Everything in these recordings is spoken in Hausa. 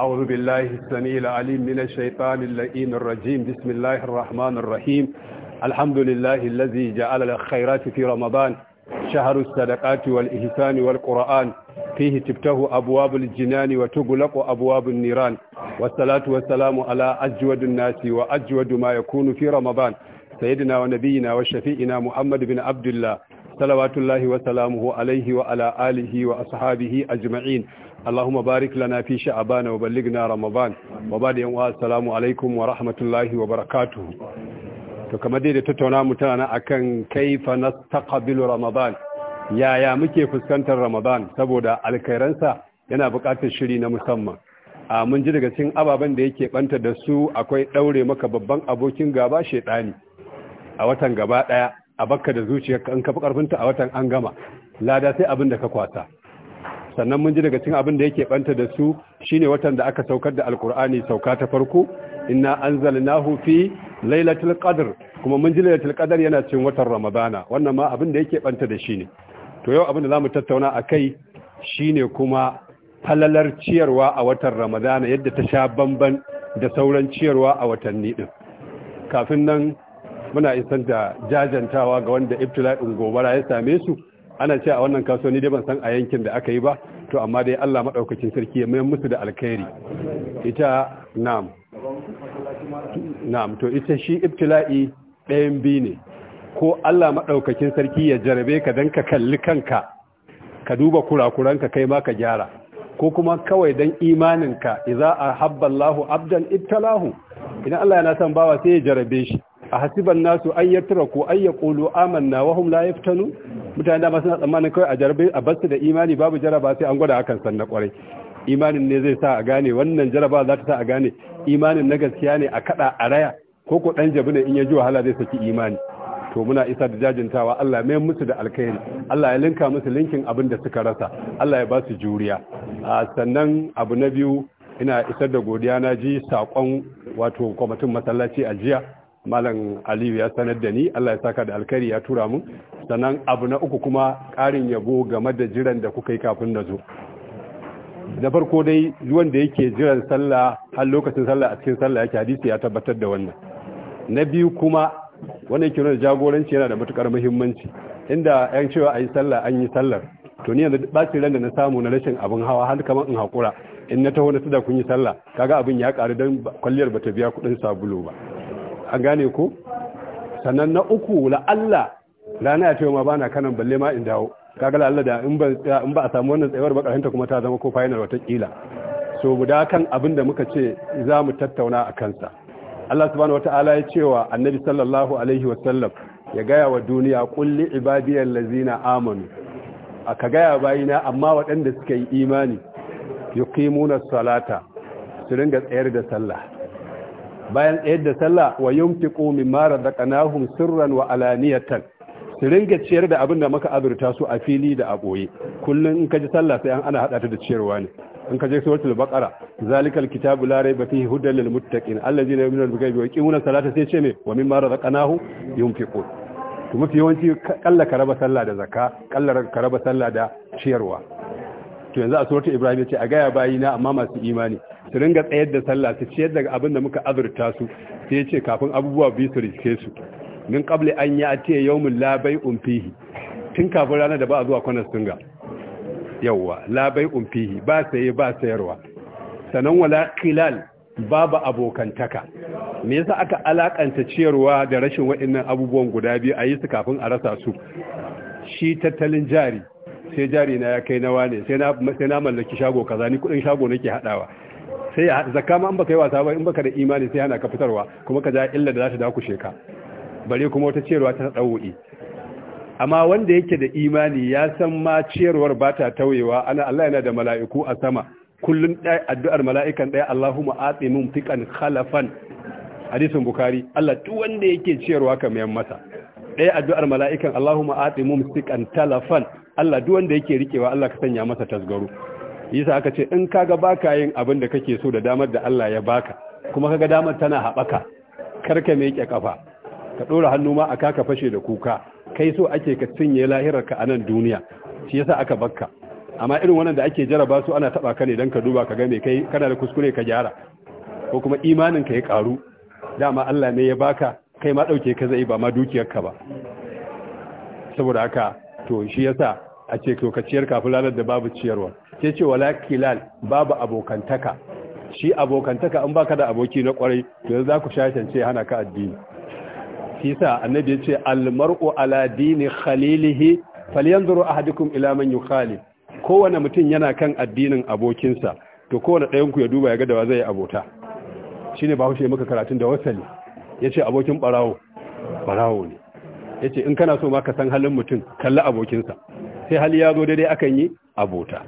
أعوذ بالله السميع العليم من الشيطان اللئيم الرجيم بسم الله الرحمن الرحيم الحمد لله الذي جعل الخيرات في رمضان شهر الصدقات والإحسان والقرآن فيه تبته أبواب الجنان وتغلق أبواب النيران والصلاة والسلام على أجود الناس وأجود ما يكون في رمضان سيدنا ونبينا وشفيئنا محمد بن عبد الله صلوات الله وسلامه عليه وعلى آله وأصحابه أجمعين Allahumma barik lana a sha'abana wa ballighna ramadan wa ba'da yan uwa assalamu alaikum wa rahmatullahi wa barakatuh to kamar dai da tattauna mutana kai kaifa nastaqbilu ramadan yaya muke fuskantar ramadan saboda alkairansa yana buƙatar shiri na musamman a mun ji daga cikin ababen da yake banta da su akwai ɗaure maka babban abokin gaba shedani a watan gaba a bakka da zuciyar in ka a watan an gama lada sai abin da ka kwasa sannan mun ji daga cikin abin da yake banta da su shine watan da aka saukar da alkur'ani sauka ta farko inna anzalnahu fi lailatul qadr kuma mun ji lailatul qadr yana cin watan ramadana wannan ma abin da yake banta da shi ne to yau abin da mu tattauna a akai shine kuma falalar ciyarwa a watan ramadana yadda ta sha bamban da sauran ciyarwa a watanni din kafin nan muna isar da jajantawa ga wanda ibtila'in gobara ya same su ana ce a wannan kasuwanni dai ban san a yankin da aka yi ba to amma dai Allah madaukakin sarki ya mayar musu da alkhairi ita na'am na'am to ita shi ibtila'i ɗayan biyu ne ko Allah madaukakin sarki ya jarabe ka dan ka kalli kanka ka duba kurakuranka kai ma ka gyara ko kuma kawai dan imaninka idza ahabba Allahu abdan ibtalahu idan Allah yana son bawa sai ya jarabe shi a hasiban nasu an ko ay yaqulu amanna wa hum la yaftanu mutane dama suna tsammanin kawai a jarabe a basu da imani babu jaraba sai an gwada hakan sanna kwarai imanin ne zai sa a gane wannan jaraba za ta sa a gane imanin na gaskiya ne a kada a raya ko ko dan jabi ne in ya ji wahala zai saki imani to muna isa da jajintawa Allah mai musu da alkhairi Allah ya linka musu linkin abin da suka rasa Allah ya ba su juriya sannan abu na biyu ina isar da godiya na ji sakon wato kwamitin masallaci a jiya malam aliyu ya sanar da ni Allah ya saka da alkhairi ya tura mun. sannan abu na uku kuma ƙarin yabo game da jiran da kuka yi kafin da zo da farko dai da yake jiran sallah har lokacin sallah a cikin sallah yake hadisi ya tabbatar da wannan na biyu kuma wannan kiran jagoranci yana da matukar muhimmanci inda yan cewa ayi sallah an yi sallar to ni yanzu bacin ran da na samu na rashin abin hawa har kamar in hakura in na taho na tada kun yi sallah kaga abin ya karu dan kwalliyar bata biya kuɗin sabulu ba an gane ko sannan na uku la'alla rana ya ce ma ba na kanan balle ma in dawo kaga Allah da in ba in ba a samu wannan tsayawar ba karanta kuma ta zama ko final wata kila so guda kan abin da muka ce za mu tattauna a kansa Allah subhanahu wataala ya ce wa annabi sallallahu alaihi wasallam ya gaya wa duniya kulli ibadiyal lazina amanu aka gaya bayina amma waɗanda suka yi imani yuqimuna salata su ringa tsayar da sallah bayan tsayar da sallah wa yunfiqu mimma razaqnahum sirran wa alaniyatan su ringa ciyar da abin da maka azurta su a fili da a ɓoye kullum in ka ji sallah sai an ana haɗa ta da ciyarwa ne in ka je suratul baqara zalikal kitabu la rayba fihi hudan lil muttaqin allazina yu'minuna bil ghaibi wa yuqimuna salata sai ce me wa mimma razaqnahu yunfiqun to mafi yawanci kalla ka sallah da zakka kalla ka sallah da ciyarwa to yanzu a suratul ibrahim ce a gaya na, amma masu imani su ringa tsayar da sallah su ciyar da abin da muka azurta su sai ce kafin abubuwa biyu su rike su min qabli an ya'ti yau la labai umfihi tun kafin ranar da ba a zuwa kwanar singa yawwa la bai'un ba saye ba sayarwa sanan wala ba babu abokantaka me yasa aka alakanta ciyarwa da rashin waɗannan abubuwan guda biyu a yi su kafin a rasa su shi tattalin jari sai jari na ya kai nawa ne sai na mallaki shago kaza ni kudin shago nake hadawa sai zakka ma an baka yi wasa ba in baka da imani sai hana ka fitarwa kuma ka ja illa da za ta dakushe ka bare kuma wata ciyarwa ta tsawo'i amma wanda yake da imani ya san ma ciyarwar ba ta tauyewa ana Allah yana da mala'iku a sama kullun ɗaya addu'ar mala'ikan ɗaya Allahumma atsi mun fiƙan khalafan hadisun bukari Allah duk wanda yake ciyarwa ka mayan masa ɗaya addu'ar mala'ikan Allahumma atsi mun fiƙan talafan Allah duk wanda yake riƙewa, Allah ka sanya masa tasgaro yisa aka ce in kaga baka yin abin da kake so da damar da Allah ya baka kuma kaga damar tana haɓaka kar ka meke kafa ka ɗora hannu ma a ka fashe da kuka kai so ake ka cinye lahirarka a nan duniya shi yasa aka bakka amma irin wannan da ake jaraba su ana taba ka ne dan ka duba ka ga me kai kana da kuskure ka gyara ko kuma imanin ka ya karu dama Allah ne ya baka kai ma dauke ka zai ba ma dukiyarka ba saboda haka to shi yasa a ce to ka ciyar kafin ranar da babu ciyarwa Ke ce wala kilal babu abokantaka shi abokantaka in baka da aboki na kwarai to yanzu za ku shashance hana ka addini shi yasa annabi ya ce almar'u ala dini khalilihi falyanzuru ahadukum ila man yukhali kowanne mutum yana kan addinin abokinsa to kowanne ɗayan ku ya duba ya ga da wa zai abota shine ba hushe maka karatun da wasali yace abokin barawo barawo ne yace in kana so ma ka san halin mutum kalli abokinsa sai hali ya zo dai akan yi abota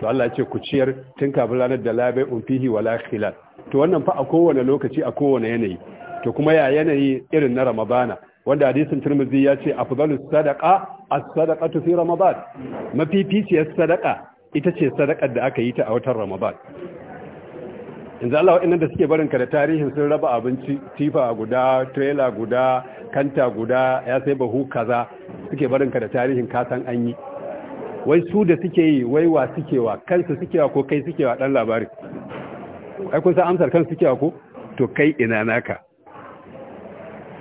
to Allah ya ce ku ciyar tun kafin ranar da labai umfihi wala khilal to wannan fa a kowanne lokaci a kowanne yanayi to kuma ya yanayi irin na ramadana wanda hadisin turmuzi ya ce afdalus sadaqa as-sadaqatu fi ramadan mafificiyar sadaqa ita ce sadaqar da aka yi ta a watan ramadan yanzu Allah wa'annan da suke barinka da tarihin sun raba abinci tifa guda trailer guda kanta guda ya sai bahu kaza suke barinka da tarihin kasan an yi wai su da suke yi wai wa suke wa kansu suke wa ko kai suke wa dan labari ai kun san amsar kansu suke wa ko to kai ina naka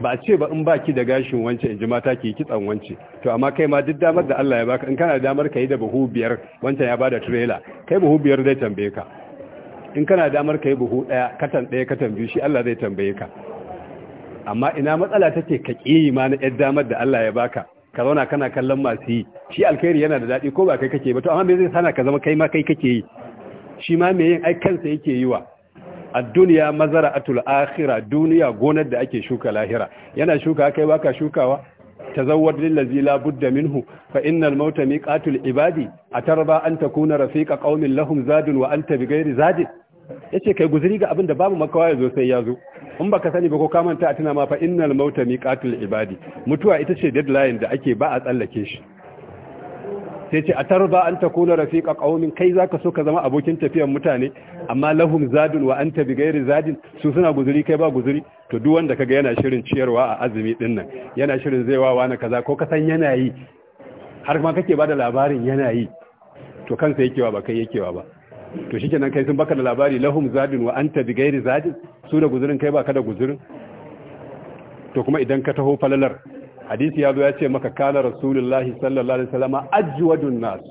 ba a ce ba in baki da gashin wance in ji mata ki kitsan wance to amma kai ma duk damar da Allah ya baka in kana damar ka yi da buhu biyar wancan ya bada trailer kai buhu biyar zai tambaye ka in kana damar ka yi buhu daya katan daya katan biyu shi Allah zai tambaye ka amma ina matsala take ka kiyi ma na yar damar da Allah ya baka ka zauna kana kallon masu yi shi alkhairi yana da daɗi ko ba kai kake ba to amma me zai sana ka zama kai ma kai kake yi shi ma me yin ai kansa yake yi wa ad mazara mazara'atul akhirah duniya gonar da ake shuka lahira yana shuka kai baka shukawa tazawwad ladzi la budda minhu fa innal mauta miqatul ibadi atarba an takuna rafiqa qaumin lahum zadun wa anta bighairi zadin yace kai guzuri ga abin da babu makawa yazo sai yazo in baka sani ba ko ka manta a tuna ma fa innal mauta miqatul ibadi mutuwa ita ce deadline da ake ba a tsallake shi sai ce a tarba an ta kuna rafiƙa ƙaunin kai za ka so ka zama abokin tafiyan mutane amma lahum zadun wa an ta bi gairi zadin su suna guzuri kai ba guzuri to duk wanda kaga yana shirin ciyarwa a azumi din nan yana shirin zai wawa wani kaza ko kasan yana yi har ma kake ba da labarin yana yi to kansa wa ba kai wa ba to shikenan kai sun baka da labari lahum zadun wa ta bi gairi zadin su da guzurin kai ba ka da guzurin to kuma idan ka taho falalar hadisi ya zo ya ce maka kana rasulullahi sallallahu alaihi wasallam ajwadun nas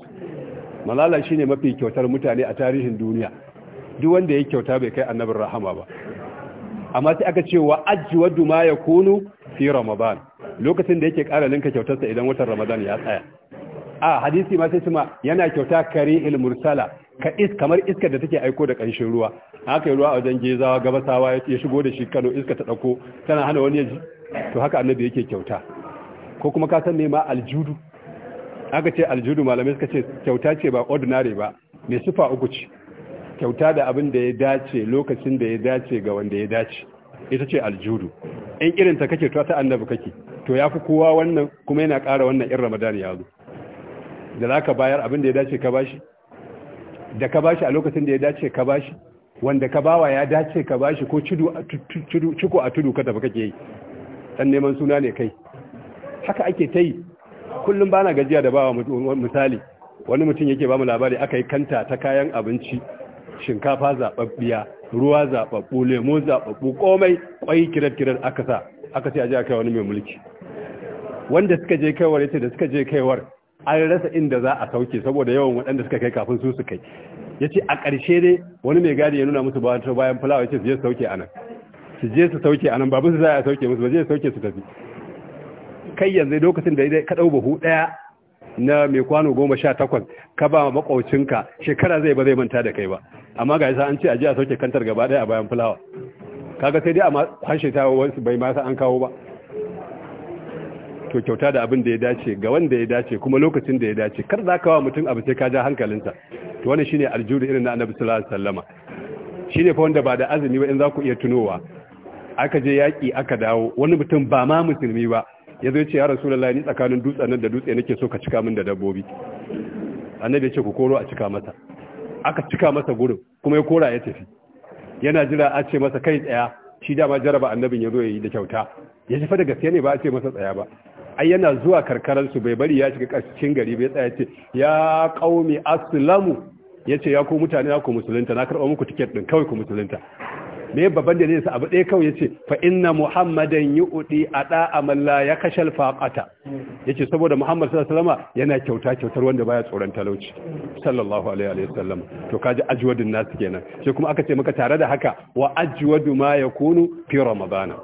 malala shine mafi kyautar mutane a tarihin duniya duk wanda ya kyauta bai kai annabin rahama ba amma sai aka ce wa ajwadu ma yakunu fi ramadan lokacin da yake ƙara linka kyautarsa idan watan ramadan ya tsaya a hadisi ma sai kuma yana kyauta kare il mursala ka is kamar iskar da take aiko da kanshin ruwa haka ruwa a wajen gezawa gabasawa ya shigo da shi kano iska ta ɗauko tana hana wani ya ji to haka annabi yake kyauta ko kuma ka san me ma aljudu aka ce aljudu malamai suka ce kyauta ce ba ordinary ba mai sufa uku ce kyauta da abin da ya dace lokacin da ya dace ga wanda ya dace ita ce aljudu in irin ta kake ta annabi kake to yafi kowa wannan kuma yana ƙara wannan in ramadan ya zo da ka bayar abin da ya dace ka bashi da ka bashi a lokacin da ya dace ka bashi wanda ka bawa ya dace ka bashi ko ciko a tudu ka tafi kake yi Ɗan neman suna ne kai haka ake ta yi kullum ba na gajiya da bawa misali wani mutum yake ba mu labari aka yi kanta ta kayan abinci shinkafa zaɓaɓɓiya ruwa zaɓaɓɓu lemo zaɓaɓɓu komai ƙwai kirar-kirar aka sa aka ce a ji a kai wani mai mulki wanda suka je kaiwar ya ce da suka je kaiwar an rasa inda za a sauke saboda yawan waɗanda suka kai kafin su su kai Ya ce a ƙarshe ne wani mai gadi ya nuna musu bayan fulawa ya ce su je su sauke anan su je su sauke anan babu su za a sauke musu ba je su sauke su tafi kai yanzu lokacin da ka ɗau buhu ɗaya na mai kwano goma sha takwas ka ba makwaucinka shekara zai ba zai manta da kai ba amma ga yasa an ce a ji a sauke kantar gaba ɗaya a bayan fulawa kaga sai dai a kwashe ta wasu bai ma an kawo ba to kyauta da abin da ya dace ga wanda ya dace kuma lokacin da ya dace kar za ka wa mutum abu sai ka ja hankalinsa to wannan shine aljuri irin na annabi sallallahu alaihi wasallama shine fa wanda ba da azumi ba in za ku iya tunowa aka je yaki aka dawo wani mutum ba ma musulmi ba ya zo ce ya da layani tsakanin dutsen nan da dutse nake so ka cika min da dabbobi annabi ya ce ku koro a cika masa aka cika masa gurin kuma ya kora ya tafi yana jira a ce masa kai tsaya shi dama jaraba annabin ya zo ya yi da kyauta ya shi da gaske ne ba a ce masa tsaya ba ai yana zuwa su bai bari ya shiga ƙarshen gari bai tsaya ce ya qaumi aslamu ya ce ya ku mutane ku musulunta na karɓa muku tiket ɗin kawai ku musulunta me babban da sa abu ɗaya kawai yace fa inna muhammadan yu'di ada amalla ya kashal faqata yace saboda muhammad sallallahu alaihi yana kyauta kyautar wanda baya tsoron talauci sallallahu alaihi wasallam to kaji ajwadun nas kenan sai kuma aka ce maka tare da haka wa ajwadu ma yakunu fi ramadana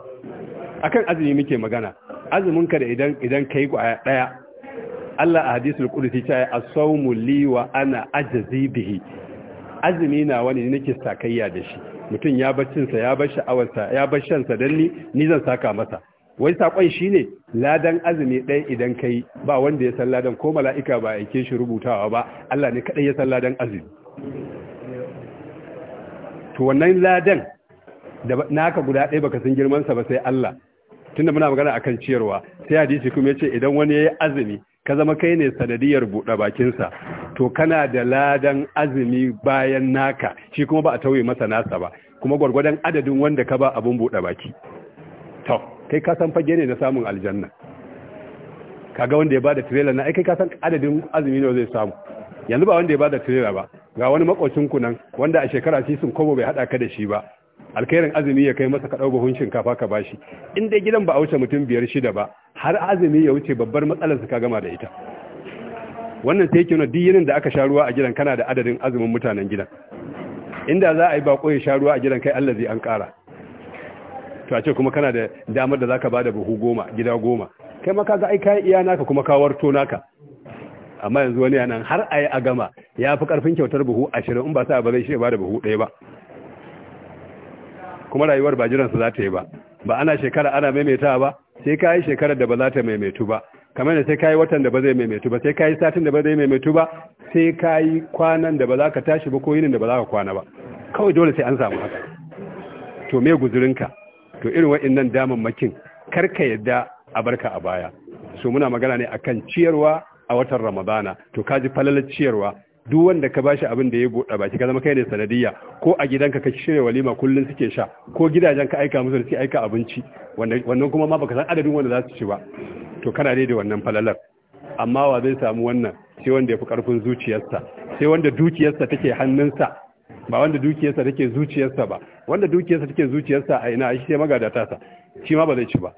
akan azumi muke magana azumin ka da idan idan kai kwaya daya Allah a hadisul qudsi ta as-sawmu li wa ana ajzi bihi azumi na wani nake sakayya da shi mutum ya bar cinsa ya bar sha'awarsa ya bar shansa dan ni ni zan saka masa wai sakon shine ladan azumi ɗaya idan kai ba wanda ya san ladan ko mala'ika ba aike shi rubutawa ba Allah ne kadai ya san ladan azumi to wannan ladan da naka guda ɗaya baka san girman sa ba sai Allah tunda muna magana akan ciyarwa sai hadisi kuma ya ce idan wani yayi azumi ka zama kai ne sanadiyar buɗe sa to kana da ladan azumi bayan naka shi kuma ba a tauye masa nasa ba kuma gwargwadon adadin wanda ka ba abun buɗe baki to kai ka san fage ne na samun aljanna kaga wanda ya bada trailer na kai ka san adadin azumi ne zai samu yanzu ba wanda ya bada trailer ba ga wani makocin ku nan wanda a shekara shi sun kobo bai hada ka da shi ba alkhairin azumi ya kai masa ka dau buhun shinkafa ka bashi in dai gidan ba a wuce mutum biyar shida ba har azumi ya wuce babbar matsalar ka gama da ita wannan sai yake nuna duk yinin da aka sha ruwa a gidan kana da adadin azumin mutanen gidan inda za a yi bako ya sha ruwa a gidan kai Allah zai an ƙara to a ce kuma kana da damar da zaka da buhu goma gida goma kai ma kaga ai kai iya naka kuma ka warto naka amma yanzu wani yanan har ayi a gama ya fi karfin kyautar buhu ashirin in ba sa ba zai shi bada buhu ɗaya ba kuma rayuwar ba jiransa za ta yi ba ba ana shekara ana maimaitawa ba sai ka yi shekarar da ba za ta maimaitu ba kamar da sai kayi watan da ba zai maimaitu ba sai kayi satin da ba zai maimaitu ba sai kayi kwanan da ba za ka tashi ba ko yinin da ba za ka kwana ba kawai dole sai an samu haka to me guzurinka to irin wa'annan makin karka yadda a barka a baya so muna magana ne akan ciyarwa a watan ramadana to kaji falalar ciyarwa duk wanda ka bashi abin da ya buɗa baki ka zama kai ne sanadiyya ko a gidanka ka shirya walima kullun suke sha ko gidajen ka aika musu da suke aika abinci wannan kuma ma baka san adadin wanda za su ci ba to kana dai da wannan falalar amma wa zai samu wannan sai wanda ya fi karfin zuciyarsa sai wanda dukiyarsa take hannunsa ba wanda dukiyarsa take zuciyarsa ba wanda dukiyarsa take zuciyarsa a ina shi sai magadata sa shi ma ba zai ci ba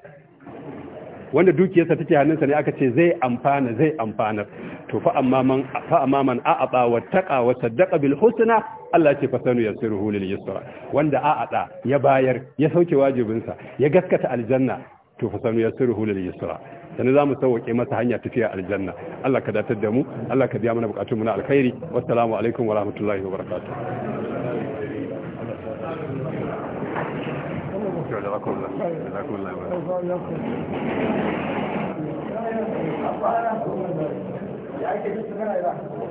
wanda dukiyarsa take hannunsa ne aka ce zai amfana zai amfanar to fa amma man fa amma man a'aba wa taqa wa saddaqa bil husna Allah ce fasanu yasiruhu lil yusra wanda a'ada ya bayar ya sauke wajibinsa ya gaskata aljanna to fasanu yasiruhu lil yusra sani za mu sauwaƙe masa hanya tafiya aljanna Allah ka datar da mu Allah ka biya mana bukatunmu na alkhairi wassalamu alaikum wa rahmatullahi wa barakatuh Ya ake duk suna da